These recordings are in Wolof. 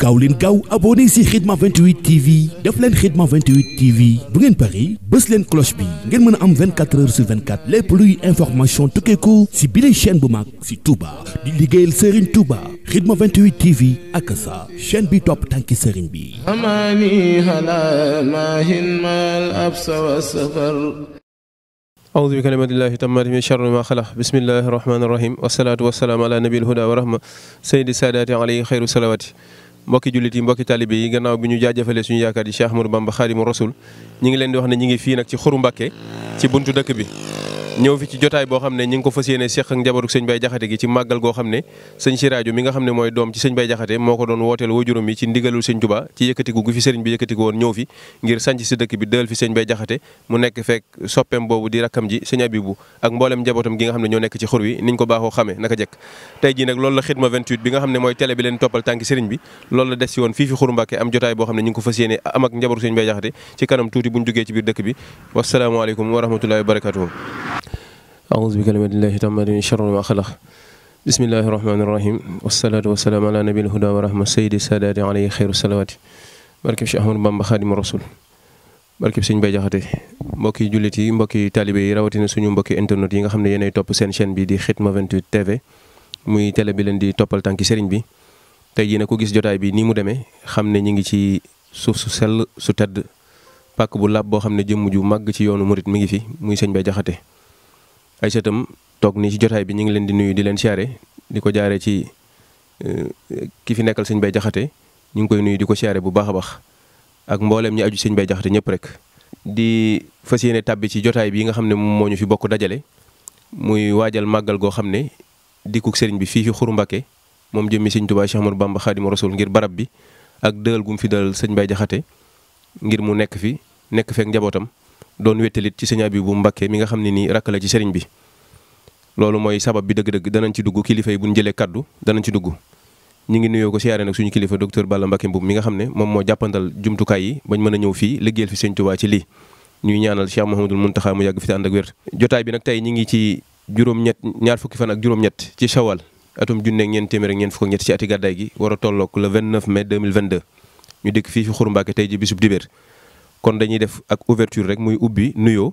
gaaw leen gaaw abonné si Khidma 28 TV def leen Khidma 28 TV bu ngeen pari bës leen cloche bi ngeen mën a am 24 heures sur 24 lépp luy information tukkeeku si bile chaîne bu mag si Touba di liggéeyal Serigne Touba Khidma 28 TV ak sa chaîne bi topp tànki Serigne bi. aoudu bi kalimatillahi tammaati min charri ma xalaq bismillahi rahmaani rahim wasalaatu wasalaam ala nabil huda wa rahma sayidi saadaati alayhi xayru mbokki jullit yi mbokki talibe yi gannaaw bi ñu jaajëfalee suñu yaakaar yi Cheikh Ahmadou Bamba Xaadimu Rasul ñi ngi leen di wax ne ngi fii nag ci xuru Mbàkke ci buntu dëkk bi ñëw fi ci jotaay boo xam ne ñi ngi ko fas yéene seq ak njabaruk sëñ Baye Jaxate gi ci ne sëñ Siraajo mi nga xam ne mooy doom ci sëñ Baye Jaxate moo ko doon wooteel wajuram yi nekk fekk soppeem boobu di rakkam ji sëñ ne ñoo nekk ci am jotaay boo xam ne ñi ngi ko fas yéene am ak njabaruk sëñ Baye Jaxate ci kanam tuuti buñ jógee ci biir dëkk bi wasalaamaaleykum wa rahmatullahi wa aouzu bi kalimatillahi tammaati min sharri ma xalaq bismillahi rahmaani rahim wasalaatu wasalaam ala nabil huda wa rahma sayidi saadaati alayhi xeyru salawaati barkeb Cheikh Ahmadou Bamba xaadimu rasul barkeb Sëñ Bay Jaxate mbokki jullit yi mbokki taalibe yi rawatina suñu mbokki internet yi nga xam ne yéenay topp seen chaîne bi di Khidma 28 TV muy tele bi leen di toppal tànki sëriñ bi tey jii nag ku gis jotaay bi nii mu demee xam ne ñu ngi ci suuf su sell su tedd pàkk bu làpp boo xam ne jëmm ju màgg ci yoonu murit mi ngi fi muy Sëñ Bay Jaxate ay sëtam toog nii ci jotaay bi ñu ngi leen di nuyu di leen siyaare di ko jaare ci euh, ki fi nekkal sëñ Bay Jaxate ñu ngi koy nuyu di ko siyaare bu baax a baax ak mbooleem ñi aju sëñ Bay Jaxate ñëpp rek. di fas yéene tàbbi ci jotaay bi nga xam ne moo ñu fi bokk dajale muy waajal màggal goo xam ne dikkug sëriñ bi fii fi Xuru Mbàkke moom jëmmi sëñ Tuubaa Cheikh Ahmadou Bamba Xaadimu Rasuul ngir barab bi ak dëgal gu fi dalal sëñ Bay Jaxate ngir mu nekk fi nekk fekk njabootam doon wettalit ci sëñ Abibu Mbakke mi nga xam ne nii rakk la ci sëriñ bi loolu mooy sabab bi dëgg-dëgg danañ ci dugg kilifa yi bu ñu jëlee kaddu danañ ci dugg ñu ngi nuyoo ko siyaare nag suñu kilifa docteur Balla Mbakke Mbuub mi nga xam ne moom moo jàppandal jumtukaay yi bañ mën a ñëw fii liggéeyal fi sëñ Tuubaa ci lii ñuy ñaanal Cheikh Mouhamadul Muntaxa mu yàgg fi te ak wér jotaay bi nag tey ñi ngi ci juróom-ñett ñaar fukki fan ak juróom ci Shawal atum junne ak ñeent téeméer ak ñeent fukk ak ñett ci ati gàddaay gi war a tolloog le 29 mai 2022 kon dañuy def ak ouverture rek muy ubbi nuyoo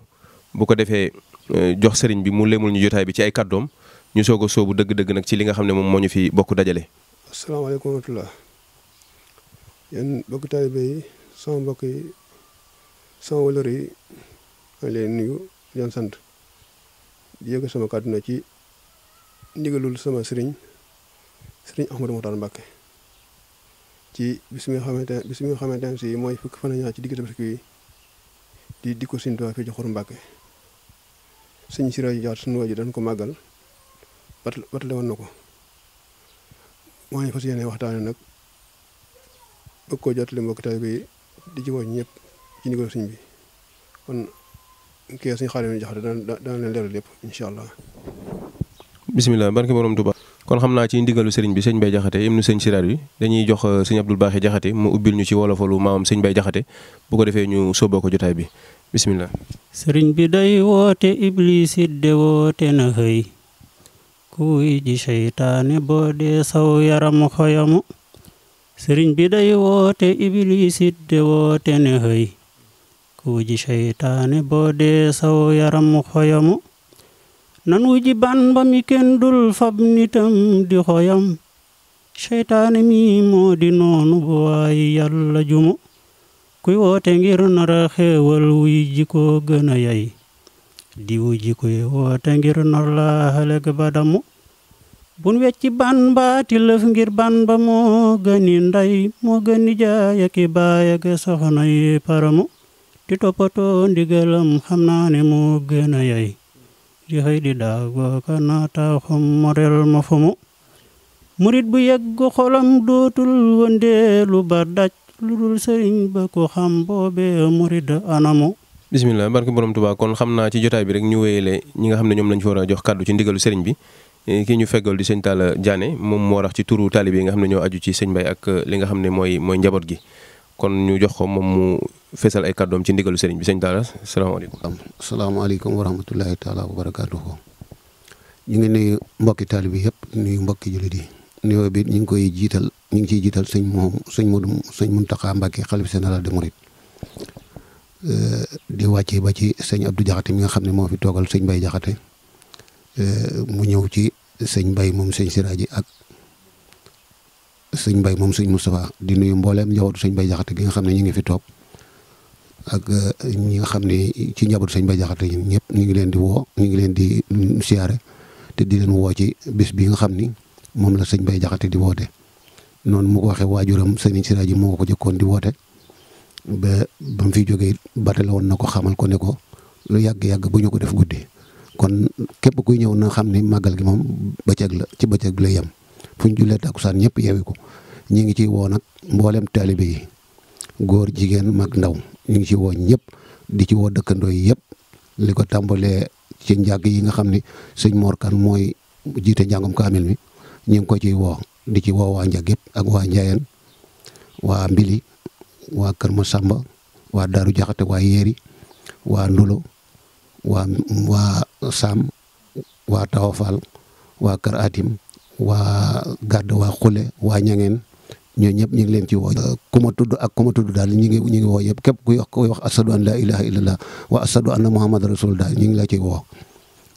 bu ko defee euh, jox sëriñ bi mu lemul ñu jotaay bi ci ay kàddoom ñu soog a soobu dëgg-dëgg nag ci li nga xam ne moom moo ñu fi bokk dajale. asalaamaaleykum wa rahmatulah yéen bokk taalibe yi sama mbokk yi sama wëlër ma leen nuyu di sant di yëg sama kàddu ci ndigalul sama sëriñ sëriñ Ahmadou Mokhtar Mbacké ci bis mi xamante ne bis mi xamante ne si mooy fukki fan ñaar ci digg tabaski yi di di ko Sëriñ Tuubaa fii ci Xuru Mbàkke sëñ si rajo jaat suñu waaju dañ ko màggal bat batale woon na ko maa ngi fas waxtaan waxtaane nag bëgg koo jotali mbokk bi di ci wàññi ñëpp ci ndigal sëñ bi kon kii suñu xaalis mi jox dana dana leen leeral lépp incha allah. bisimilah barke borom Tuubaa kon xam naa ci ndigalu sëriñ bi sëñ Bay Jaxate ibnu sëñ Siraar bi dañuy jox euh, sëñ Abdul Baaxi Jaxate mu ubbil ñu ci wolofalu maamam sëñ Bay Jaxate bu ko defee ñu sóoboo ko jotaay bi bisimilah. sëriñ bi day woote iblis it de woote na xëy kuy ji seytaane boo dee saw yaram xoyamu bi day woote nan wuji Bamba mi kenn dul fab nitam di xoyam seytaane mi moo di noonu bu waay yàlla jumu kuy woote ngir nara xéewal wuy ji ko gën yay yey di wuji kuy woote ngir nar laa xaleg badamu bun wecci Bamba ti lëf ngir Bamba moo gëni ndey moo gëni jaay ak i baay ak soxna yi paramu ti toppatoo ndigalam xam naa ne moo gën a yey di xëy di daagoo ka naataaxum model ma fu mu murit bu yegg xolam dootul wëndeelu ba daj lu dul sëriñ ba ko xam boobee murit anamu bisimilah barke borom Tuubaa kon xam naa ci jotaay bi rek ñu wéyale ñi nga xam ne ñoom lañ fa war a jox kàddu ci ndigalu sëriñ bi e, kii ñu feggal di sëñ Talla Diané moom moo tax ci turu taalibe yi nga xam ne ñoo aju ci sëñ Mbaye ak li nga xam ne mooy mooy njaboot gi kon ñu jox ko moom mu feesal ay kàddoom ci ndigalu sëriñ bi sëñ Talla salaamaaleykum. salaamaaleykum wa rahmatulahi taala wa barakaatuhu ñu ngi nuyu mbokki taalibe bi nuyu mbokki jullit yi nuyoo bi ñu ngi koy jiital ñu ngi ciy jiital sëñ moom sëñ Modou sëñ Mountakha Mbacké xalifa général des mourides euh, di wàccee ba ci sëñ Abdou Diakhaté nga xam ne moo fi toogal sëñ Baye Diakhaté euh, mu ñëw ci sëñ mbay moom sëñ Siraaji ak sëñ Baye moom sëñ Moustapha di nuyu mbooleem njabootu sëñ Baye Diakhaté gi nga xam ne ñu ngi fi toog. ak euh, ñi nga xam ne ci njabootu sëñ Ba Jaxate ñun ñëpp ñu ngi leen di woo ñu ngi leen di siyaare te di leen woo ci bis bi nga xam ni moom la sëñ bay Jaxate di woote noonu mu ko waxee waajuram sëñ Siraaji moo ko jëkkoon di woo ba ba mu fiy jógee batale woon na ko xamal ko ne ko lu yàgg-yàgg bu ñu ko def guddi kon képp kuy ñëw na xam ni màggal gi moom bëccëg la ci bëccëg bi lay yem fu ñu jullee takkusaan ñëpp yeewi ko ñu ngi ciy woo nag mboolem taalibe yi góor jigéen mag ndaw ñu ngi ci woo ñëpp di ci woo dëkkandoo yi yëpp li ko tàmbalee ci njàng yi nga xam ni sëñ Mor Kane mooy jiite njàngum kaamil mi ñu ngi ko ciy woo di ci woo waa njag yëpp ak waa Njaayeen waa Mbili waa Kër Masamba waa Daaru Jaxate waa Yéeri waa Ndulo waa waa Saam waa Tawafal waa Kër Atim waa Gàdd waa Xule waa Ñangeen ñoo ñëpp ñu ngi leen ci woo euh, ku ma tudd ak ku ma tudd daal ñu ngi ñu ngi woo yëpp képp kuy wax kuy wax asadu an laa ilaha illallah wa asadu anna muhammad rasulullah ñu ngi la ci woo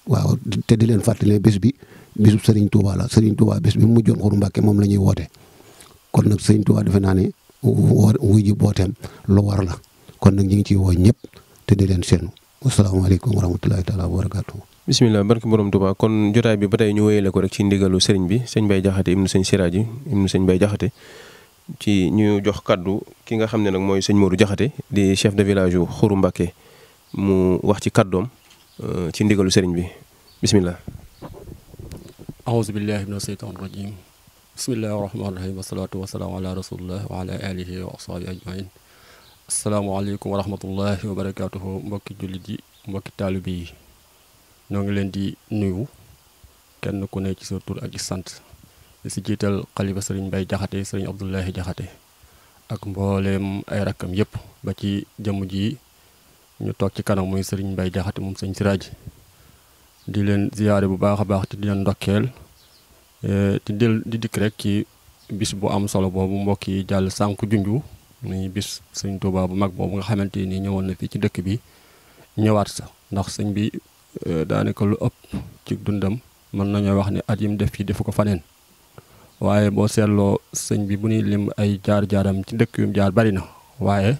waaw te di leen fàttali bés bi bisu sëriñ Touba la Serigne Touba bés bi mu mujjoon Xuru Mbàkke moom la ñuy woote kon nag Serigne Touba defe naa ne wuy ji booteem lu war la kon nag ñu ngi ciy woo ñëpp te di leen seenu asalaamaaleykum wa rahmatulahi taala wa barakatuh bisimilah barke borom Touba kon jotaay bi ba tey ñu wéyale ko rek ci ndigalu sëriñ bi sëñ Baye Jaxate ibnu sëñ Siraaji ibnu sëñ Baye ci ñu jox kàddu ki nga xam ne nag mooy sëñ Modou Diakhaté di chef de village yu Xuru Mbàkke mu wax ci kàddoom euh, ci ndigalu sëriñ bi bisimilah. aousubillahi mina sheytan rajim bismillahi rahmaani rahim wasalaatu wasalaamu ala wa ala alihi wa ashabi wa rahmatullahi wa barakatuhu mbokki jullit yi mbokki taalibe yi ñoo ngi leen di nuyu kenn ku ne ci sa ak i sant di si jiital xalifa sëriñ Mbay Jaxate sëriñ Abdullahi Jaxate ak mbooleem ay rakkam yëpp ba ci jëmm ji ñu toog ci kanam muy sëriñ Mbay Jaxate moom sëñ Siraaji di leen ziyaare bu baax a baax te di leen ndokkeel te del di dikk rek ci bis bu am solo boobu mbokk yi jàll sànku junju muy bis sëñ Tuubaa bu mag boobu nga xamante ni ñëwoon na fii ci dëkk bi ñëwaat sa ndax sëñ bi e, daanaka lu ëpp ci dundam mën nañoo wax ne at yim def fii defu ko faneen waaye boo seetloo sëñ bi bu ñuy lim ay jaar-jaaram ci dëkk yum jaar bari na waaye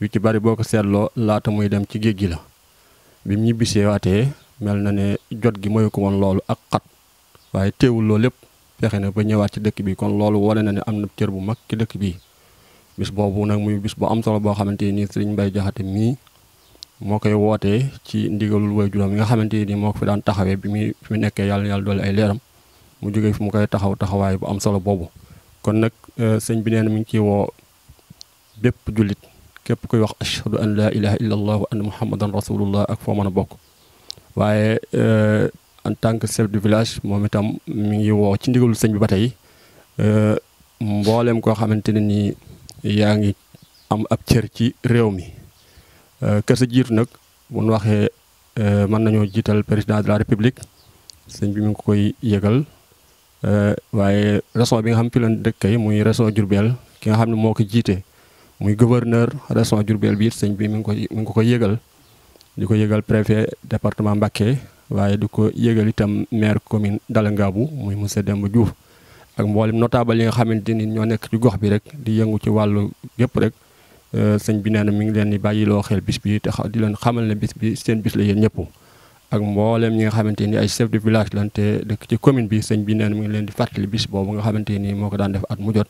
yu ci bari boo ko seetloo laata muy dem ci géej gi la bi mu ñibbisee waatee mel na ne jot gi mayu ko woon loolu ak xat waaye teewul loolu lépp fexe na ba ñëwaat ci dëkk bi kon loolu wane na ne am na cër bu mag ci dëkk bi bis boobu nag muy bis bu am solo boo xamante ni sëriñ Mbay Jaxate mii moo koy wootee ci ndigalul way juróom yi nga xamante ni moo ko fi daan bi muy mu nekkee yàlla yàlla doole ay leeram mu jóge fi mu koy taxaw taxawaay bu am solo boobu kon nag euh, sëñ bi neen na mi ngi ciy woo bépp jullit képp koy wax ashhadu an laa ilaha illa allah wa anna muhammadan rasulullah ak foo mën a bokk waaye euh, en tant que chef du village moom itam mi ngi woo ci ndigalu sëñ bi ba tey euh, mbooleem koo xamante ne nii yaa ngi am ab cër ci réew mi kër sa jiitu nag bu nu waxee mën nañoo jiital président de la république sëñ bi mu ngi koy yëgal Eh, waaye région bi nga xam fi la dëkk yi muy région Diourbel ki nga xam ne moo ko jiite muy gouverneur région Diourbel bii it sëñ bi mi ngi ko mi ko ko yëgal di ko yëgal préfet département Mbacké waaye di ko yëgal itam maire commune Dalla bu muy monsieur Demba Diouf ak mboolem notable yi nga xamante ni ñoo nekk ci gox bi rek di yëngu ci wàllu yëpp rek eh, sëñ bi nee na mi ngi leen di bàyyiloo xel bis bi te di leen xamal ne bis bi seen bis la yéen ñëpp. ak mboolem ñi nga xamante ni ay chef de village lan te dëkk ci commune bi sëñ bi neen mu ngi leen di fàttali bis boobu nga xamante ni moo ko daan def at mu jot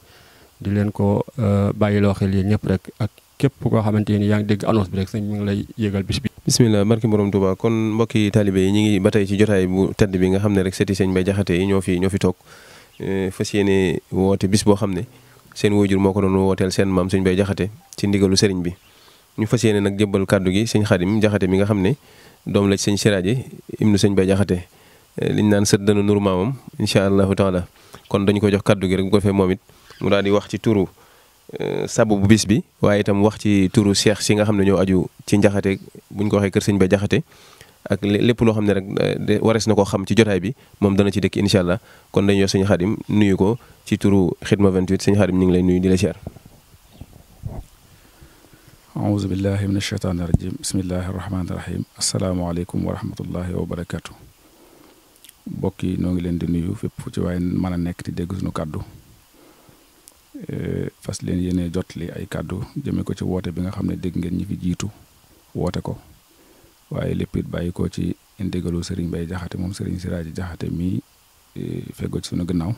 di leen ko euh, bàyyiloo xel yi ñëpp rek ak képp koo xamante ni yaa ngi dégg annonce bi rek sëñ mi ngi lay yëgal bis bi bisimilah barki borom Touba kon mbokki taalibe yi ñu ngi ba tey ci jotaay bu tedd bi nga xam ne rek seti sëñ Mbay Jaxate yi ñoo fi ñoo fi toog euh, fas yéene woote bis boo xam ne seen waajur moo ko doon wooteel seen maam sëñ Mbay Jaxate ci ndigalu sëriñ bi ñu fas yéene nag jëbbal kàddu gi sëñ Xaadim Jaxate mi nga xam ne doom la ci sëñ Siraaji ibnu sëñ ba Jaxate eh, liñ naan sët dana nur maamam incha allahu taala kon dañu ko jox kàddu gi rek bu ko fee moom it mu daal di wax ci turu eh, sabu bu bis bi waaye itam wax ci turu seex si nga xam ne ñoo aju ci njaxate buñ ko waxee kër sëñ Bay Jaxate ak lépp loo xam ne rek eh, warees na ko xam ci jotaay bi moom dana ci dëkk incha allah kon dañu jox sëñ Xaadim nuyu ko ci turu Xidma 28 sëñ Xaadim ñu ngi lay nuyu di la siyaar auzu billahi min asheytaani irajim bismillahi irrahmaani irahim asalaamaaleykum wa rahmatullahi wa barakaatu mbokk yi noo ngi leen di nuyu fépp fu ci waaye mën a nekk di dégg suñu kàddu eh, fas leen jot li ay kàddu jëme ko ci woote bi nga xam ne dégg ngeen ñi fi jiitu woote ko waaye lépp it bàyyi ko ci ndigalu Serigne Baye Jaxate moom Serigne Siraaji Jaxate mi eh, feggo ci sunu gannaaw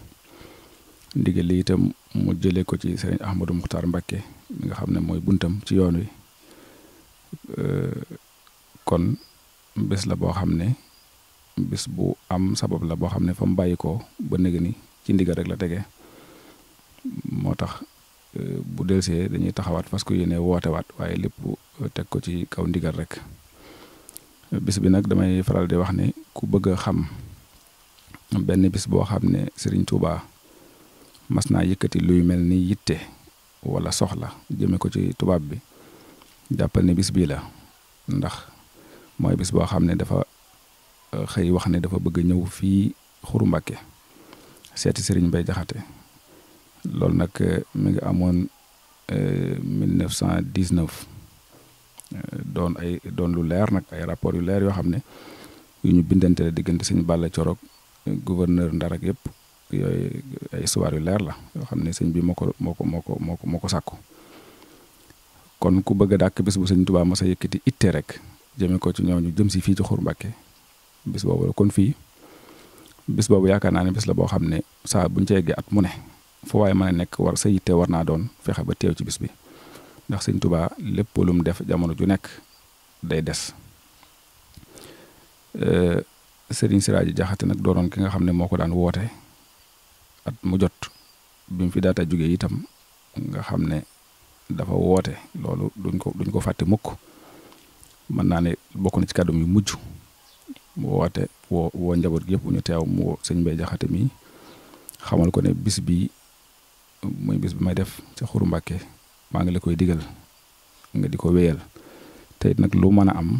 ndigal lii itam mu jëlee ko ci sëriñ Ahmadou Muxtaar Mbakke bi nga xam ne mooy buntam ci yoon wi kon bés la boo xam ne bis bu am sabab la boo xam ne fa mu bàyyi ko ba nëgë ni ci ndigal rek la tege moo tax bu delsee dañuy taxawaat parce que yéene wootewaat waaye lépp teg ko ci kaw ndigal rek bis bi nag damay faral di wax ne ku bëgg a xam benn bis boo xam ne Serigne Touba. mas naa yëkkati luy mel ni yitte wala soxla jëme ko ci tubaab bi jàppal ne bis bii la ndax mooy bis boo xam ne dafa euh, xëy wax ne dafa bëgg ñëw fii xuru Mbàkke seeti sëriñ bay Jaxate loolu nag euh, mi ngi amoon 1919 euh, doon ay doon lu leer nag ay rapport yu leer yoo xam ne yu ñu bindante la diggante sëñ Balla Corog gouverneur Ndar ak yëpp yooyu ay histoire yu leer la yoo xam ne sëñ bi moo ko moo ko moo ko moo moo ko sàkku kon ku bëgg a dàkk bis bu sëñ tubaa mos a yëkkati itte rek jëme ko ci ñooñu jëm si fii ci Xur Mbàkke bis boobu la kon fii bis boobu yaakaar naa ne bis la boo xam ne saa buñ ca yeggee at mu ne fu waaye mën a nekk war sa yitte war naa doon fexe ba teew ci bis bi ndax sëñ tubaa lépp lu mu def jamono ju nekk day des Sëriñ Siraaji Jaxate nag doonoon ki nga xam ne moo ko daan woote at mu jot bi fi daata jóge itam nga xam ne dafa woote loolu duñ ko duñ ko fàtte mukk mën naa ne bokk na ci kàddum yu mujj mu woote woo woo njaboot gi yëpp ñu mu woo sëñ Mbay mi xamal ko ne bis bi muy bis bi may def ca Xuru Mbàkke maa ngi la koy digal nga di ko wéyal te nag lu mën a am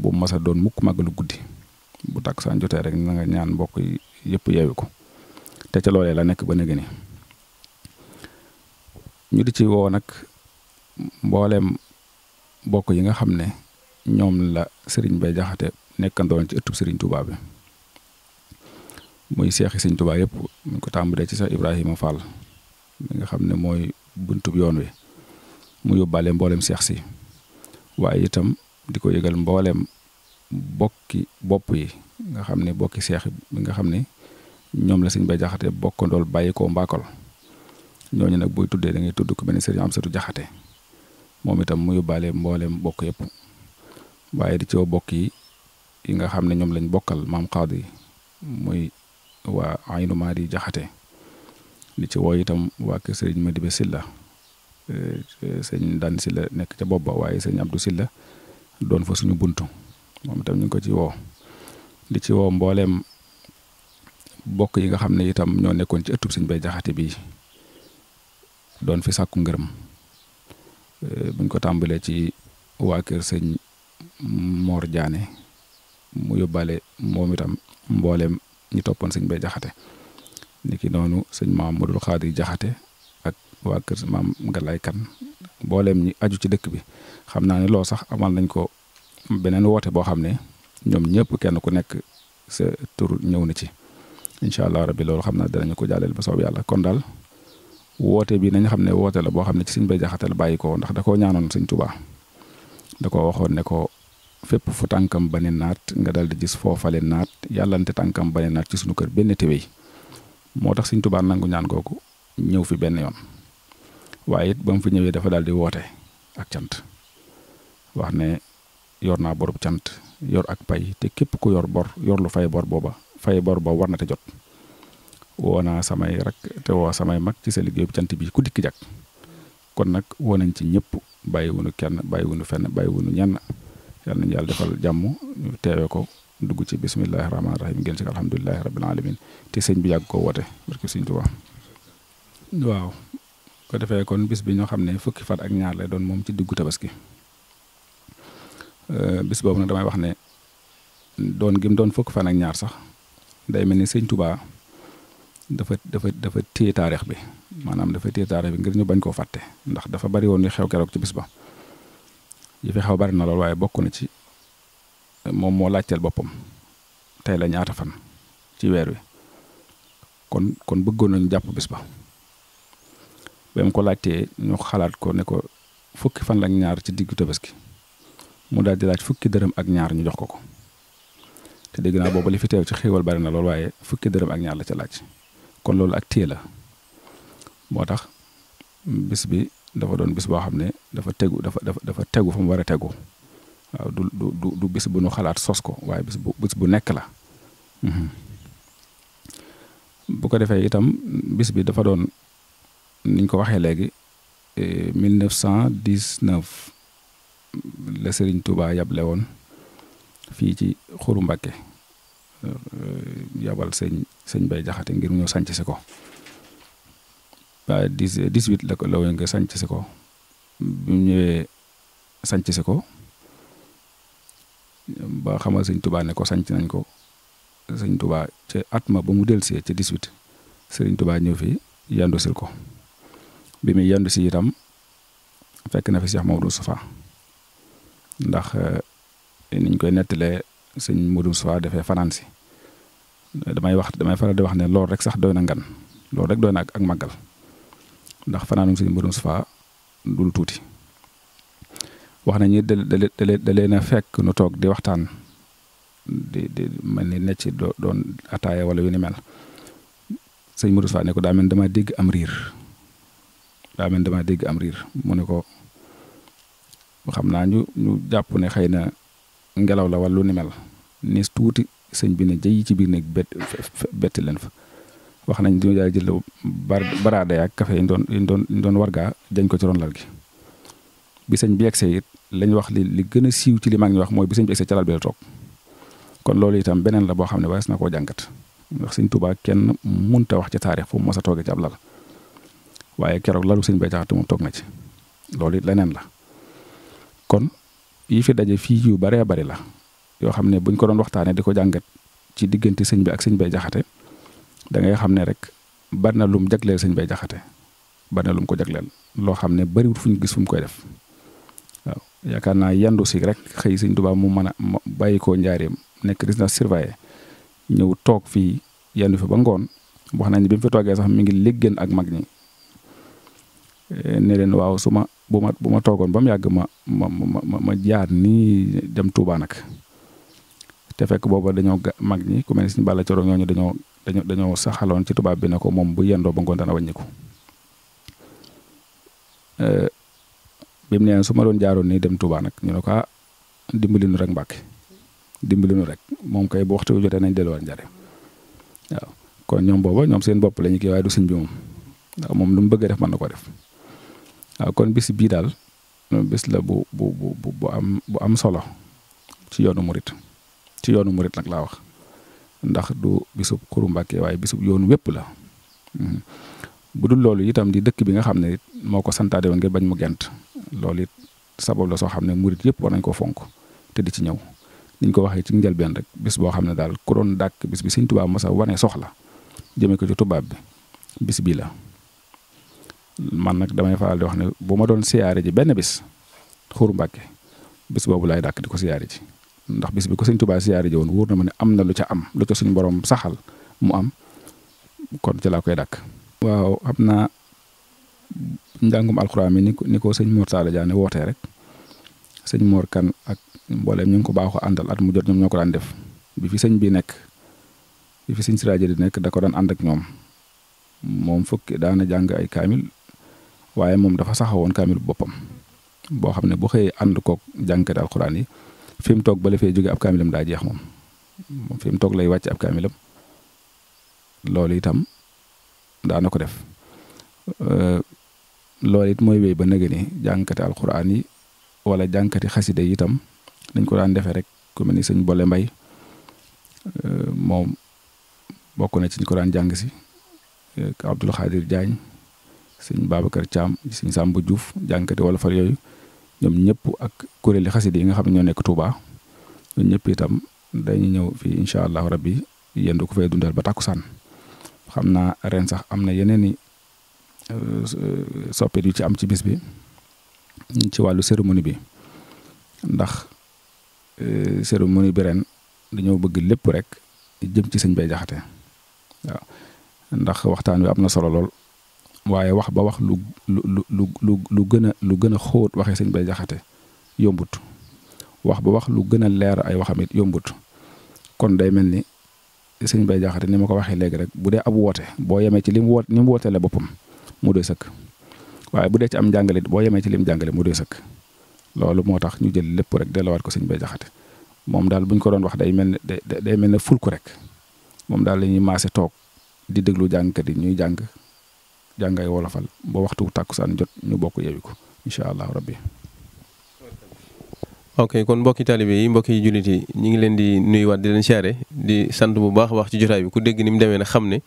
bu masa doon mukk màggalu guddi bu takkusaan jotee rek na ñaan mbokk yëpp yeewi ko te ca loolee la nekk ba nëgëni ñu di ci woo nag mbooleem bokk yi nga xam ne ñoom la sëriñ Bay Jaxate nekkandoon ci ëttub sëriñ tubaab bi muy seexi sëriñ Touba yëpp ñu ko tàmbalee ci Seex Ibrahima Fall mi nga xam ne mooy buntub yoon wi mu yóbbaale mbooleem seex si waaye itam di ko yëgal mbooleem bokki bopp yi nga xam ni bokki seex bi nga xam ne ñoom la sëñ bay jaxate bokkandool bàyyi koo mbaakol ñooñu nag buy tuddee da ngay tudd ko ne sëriñ am satu jaxate moom itam mu yóbbaale mbooleem bokk yëpp waaye di ci woo bokk yi yi nga xam ne ñoom lañ bokkal maam xaadi muy waa aynu maadi jaxate di ci woo itam waa kër sëriñ Madiba Silla eh, eh, sëñ daan Silla nekk ca bopp waaye sëñ Abdou Silla doon fa suñu buntu moom itam ñu ko ci woo di ci woo mbooleem bokk yi nga xam ne itam ñoo nekkoon ci ëttub sëñ bay jaxate bii doon fi sàkku ngërëm eh, buñ ko tàmbalee ci waa kër sëñ Mor Jaane mu yóbbaale moom itam mbooleem ñi toppoon sëñ bay jaxate niki noonu sëñ maam Modou Xaadir jaxate ak waa kër maam Galaay Kan mbooleem ñi aju ci dëkk bi xam naa ne lool sax amal nañ ko beneen woote boo xam ne ñoom ñëpp kenn ku nekk sa tur ñëw na ci incha allah rabbi loolu xam naa danañu ko jàllale ba soob yàlla kon daal woote bi nañ xam ne woote la boo xam ne ci sëñ bay jaxate la bàyyi ko ndax da koo ñaanoon sëñ tubaa da koo waxoon ne ko fépp fu tànkam ba ne naat nga dal di gis foofale naat yàllante tànkam ba ne naat ci suñu kër benn téwéy moo tax sëñ tubaa nangu ñaan kooku ñëw fi benn yoon waaye it ba mu fi ñëwee dafa daal di woote ak cant wax ne yor naa borub cant yor ak pay te képp ku yor bor yor lu fay bor booba fay bor boobu war na te jot woo naa samay rek te woo samay mag ci sa liggéey bu cant bi ku dikk jàkk kon nag woo nañ ci ñëpp bàyyi wunu kenn bàyyi wunu fenn bàyyi wunu ñenn yàlla nañu yàlla defal jàmm ñu teewee ko dugg ci bismillahi rahmaani rahim ngeen ci alhamdulilahi rabbil alamin te sëñ bi yàgg koo woote barke sëñ Tuubaa waaw kon bis bi ñoo xam ne fukki fan ak ñaar lay doon moom ci diggu tabaski euh, bis boobu nag damay wax ne doon gim doon fukki fan ak ñaar sax day mel ni sëñ Touba dafa dafa dafa téye taarix bi maanaam dafa téye taarix bi ngir ñu bañ koo fàtte ndax dafa bari woon yu xew keroog ci bis ba yi fi xew bari na lool waaye bokk na ci moom moo laajteel boppam tey la ñaata fan ci weer wi kon kon bëggoon nañu jàpp bis ba ba mu ko laajtee ñu xalaat ko ne ko fukki fan la ak ñaar ci diggu tabaski mu daal di laaj fukki dërëm ak ñaar ñu jox ko ko te dégg naa boobu li fi teew ci xéewal bari na lool waaye fukki dërëm ak ñaar la ca laaj kon loolu ak téye la moo tax bis bi dafa doon bis boo xam ne dafa tegu dafa dafa tegu fu war a tegu waaw du bu nu xalaat sos ko waaye bis bu bis bu nekk la mhm. bu ko defee itam bis bi dafa doon niñ ko waxee léegi 1919 eh, la sëriñ Touba yable woon fii ci Xuru Mbàkke Euh, yabal sëñ sëñ Bay Jaxate ngir ñu sanc si ko ba dix dix-huit la ko la woon nga sanc si ko bi mu ñëwee sanc si ko ba xamal sëñ Tubaa ne ko sanc nañ ko sëñ Tubaa ca at ma ba mu delsee ca dix-huit sëriñ Tubaa ñëw fi yandu sil ko bi muy yandu si itam fekk na fi Cheikh Maodo Safa ndax eh, niñ koy nettalee sëñ Modou Sow dafay fanaan si damay wax damay faral di wax ne loolu rek sax doy na ngan loolu rek doy na ak màggal ndax fanaanum sëñ Modou Sow dul tuuti wax nañu da da da leen a fekk nu toog di waxtaan di di mel ni necc doon ataaya wala yu ni mel sëñ Modou Sow ne ko daa mel dama dégg am riir daa mel dégg am riir mu ne ko xam naa ñu ñu jàpp ne xëy na. ngelaw la wala lu ni mel nees tuuti sëñ bi ne jëy ci biir néeg bett betti leen fa wax nañ di jaay jël bar baraade ak café yi doon yi doon doon wargaa jañ ko ci ron lal gi bi sëñ bi egsee it lañ wax li li gën a siiw ci li mag ñu wax mooy bi sëñ bi egsee ca lal bi toog kon loolu itam beneen la boo xam ne waaye na koo jàngat ndax sëñ Tuubaa kenn munta wax ci taarix fu mu mos a toogee ci ab lal waaye keroog lalu sëñ bay jaxate moom toog na ci loolu it leneen la yi fi daje fii yu baree bari la yoo xam ne buñ ko doon waxtaanee di ko jàngat ci diggante sëñ bi ak sëñ bay jaxate da ngay xam ne rek bari na lum jagleel sëñ bay jaxate bari na lum ko jagleel loo xam ne bariwul fu ñu gis fu koy def waaw yaakaar naa yandu si rek xëy sëñ Tuubaa mu mën a bàyyi koo njaareem nekk résidence surveillée ñëw toog fii yandu fi ba ngoon wax nañ bi mu fi toogee sax mi ngi liggéen ak mag ñi eh, ne leen waaw suma bu ma bu ma toogoon ba mu yàgg ma ma ma ma jaar nii dem tuubaa nag te fekk booba dañoo mag ñi ku mel ni suñu bàlla coro dañoo dañoo dañoo saxaloon ci tubaab bi ne ko moom bu yendoo ba ngoon dana wàññiku bi mu nee su ma doon jaaroon nii dem Touba nag ñu ne ko ah dimbali nu rek Mbàkke dimbali nu rek moom kay bu waxtu jotee nañ delluwaat njare waaw kon ñoom booba ñoom seen bopp la ñu kii waaye du sëñ bi moom waaw moom lu mu bëgg def mën na ko def. kon bis bii daal bis la bu bu bu bu am bu am solo ci yoonu murit ci yoonu murit nag laa wax ndax du bisub Xuru Mbàkke waaye bisub yoonu wépp la mhm. bu du loolu itam di dëkk bi nga xam ne it moo ko santaade woon ngir bañ mu gent loolu it sabab la soo xam ne murit yépp war nañ ko fonk te di ci ñëw niñ ko waxee ci njëlbeen rek bis boo xam ne daal ku doon dàkk bis bi Sëñ Tuubaa mos a wane soxla jëmee ko ci tubaab bi bis bii la man nag damay faral di wax ne bu ma doon siyaare ji benn bis xuru Mbàkke bis boobu laay dàkk di ko siyaare ji ndax bis bi ko sëñ Tuubaa siyaare ji woon wóor na ma ne am na lu ca am lu ca suñu borom saxal mu am kon ci laa koy dàkk. waaw xam naa njàngum alxuraan ni ko ni ko sëñ Mor Talla Diagne wootee rek sëñ Mor kan ak mboolem ñu ngi ko baaxoo àndal at mu jot ñoom ñoo ko daan def bi fi sëñ bi nekk bi fi sëñ Siraaji di nekk da ko daan ànd ak ñoom moom fukki daana jàng ay kaamil. waaye moom dafa saxawoon kaamil boppam boo xam ne boo xëyee ànd koog jàngkat alxuraan yi fi mu toog ba fee jóge ab kaamilam daa jeex moom moom fi mu toog lay wàcc ab kaamilam loolu itam daana ko def lool it mooy wéy ba nëgë ni jàngkati alxuraan yi wala jàngkati xasida yi itam dañ ko daan defee rek ku mel ni sëñ Bole Mbay moom bokk na ci ñu ko daan jàng si Abdul Xaadir Jaañ sëñ Babacar Thiam sëñ bu Diouf jànkati wala far yooyu ñoom ñëpp ak kuréeli xasida yi nga xam ne ñoo nekk Touba ñoom ñëpp itam dañu ñëw fii incha allahu rabbi yéen du ko fay dundal ba takkusaan xam naa ren sax am na yeneen i euh, soppit yu ci am ci bis bi ci wàllu cérémonie bi ndax euh, cérémonie bi ren dañoo bëgg lépp rek jëm ci sëñ bay jaxate ndax waxtaan wi am na solo lool waaye wax ba wax lu lu lu lu lu gën a lu gën a xóot waxee sëñ bay jaxate yombut wax ba wax lu gën a leer ay waxam yombut kon day mel ni sëñ bay jaxate ni ma ko waxee léegi rek bu dee ab woote boo yemee ci li mu woote ni mu wootele boppam mu doy sëkk waaye bu dee ci am jàngale boo yemee ci lim jàngale mu doy sëkk loolu moo tax ñu jël lépp rek delluwaat ko sëñ bay jaxate moom daal buñ ko doon wax day mel ni day mel ne ful rek moom daal la ñuy maase toog di déglu jàngkat yi ñuy jàng jàngay wolofal ba waxtu tàkkusaan jot ñu bokk yewi ko incha allah rabbi ok kon mbokki taalibe yi mbokki jullit yi ñu ngi leen di nuyuwaat di leen siyaare di sant bu baax a baax ci jotaay bi ku dégg ni mu demee nag xam ne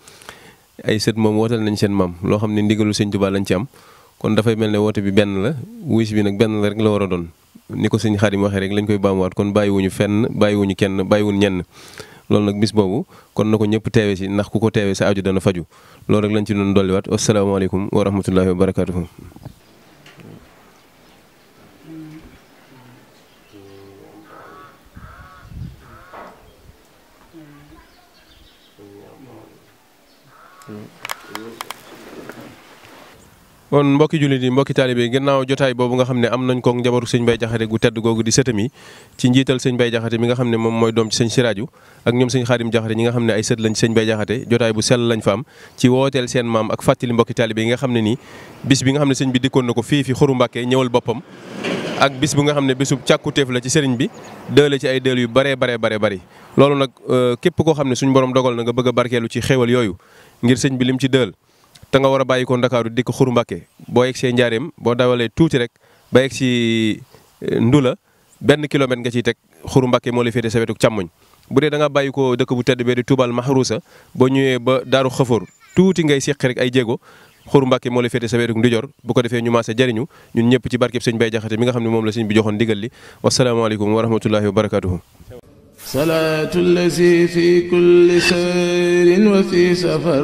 ay sët moom wootal nañ seen maam loo xam ne ndigalu sëñ Tuubaa lañ ci am kon dafay mel ne woote bi benn la wuus bi nag benn la rek la war a doon ni ko sëñ mu waxee rek lañ koy baamuwaat kon bàyyiwuñu fenn bàyyiwuñu kenn bàyyiwuñu ñenn lool nag bis boobu kon na ko ñëpp teewe si ndax ku ko teewe sa aju dana faju loolu rek lañ ci doon dolliwaat wasalaamaaleykum wa rahmatullahi wa barakaatuhu mm kon mbokki jullit yi mbokki taalibe gannaaw jotaay boobu nga xam ne am nañ ko njabootu sëñ Mbaye Jaxate gu tedd googu di sëtam yi ci njiital sëñ Mbaye Jaxate mi nga xam ne moom mooy doom ci sëñ Siraaju ak ñoom sëñ Xaadim Jaxate nga xam ne ay sët lañ sëñ Mbaye Jaxate jotaay bu sell lañ fa am ci wooteel seen maam ak fàttali mbokki taalibe yi nga xam ne nii bis bi nga xam ne sëñ bi dikkoon na ko fii fi Xuru Mbàkke ñëwal boppam ak bis bu nga xam ne bésub càkkutéef la ci sëriñ bi dële ci ay dël yu bare bare bare bari loolu nag euh, képp koo xam ne suñu borom dogal na nga bëgg a barkeelu ci xéewal yooyu ngir sëñ bi lim ci dël te war a bàyyi ko Ndakaaru dikk Xuru boo yegg see Njaareem boo dawalee tuuti rek ba yegg si eh, Ndula benn kilomètre nga ciy teg Xuru Mbàkke moo la féete sa wetu càmmoñ bu dee da nga bàyyi ko dëkk bu tedd bee di Tuubal boo ñëwee ba Daaru Xafoor tuuti ngay séq rek ay jéego Xuru Mbàkke moo la féete sa wetu ndijoor bu ko defee ñu maase jariñu ñun ñëpp ci barkeb sëñ Bay Jaxate mi nga xam ne moom la sëñ bi joxoon ndigal li wasalaamaaleykum wa rahmatullahi wa barakaatuhu salaatu lazi fi kulli sayrin wa fi safar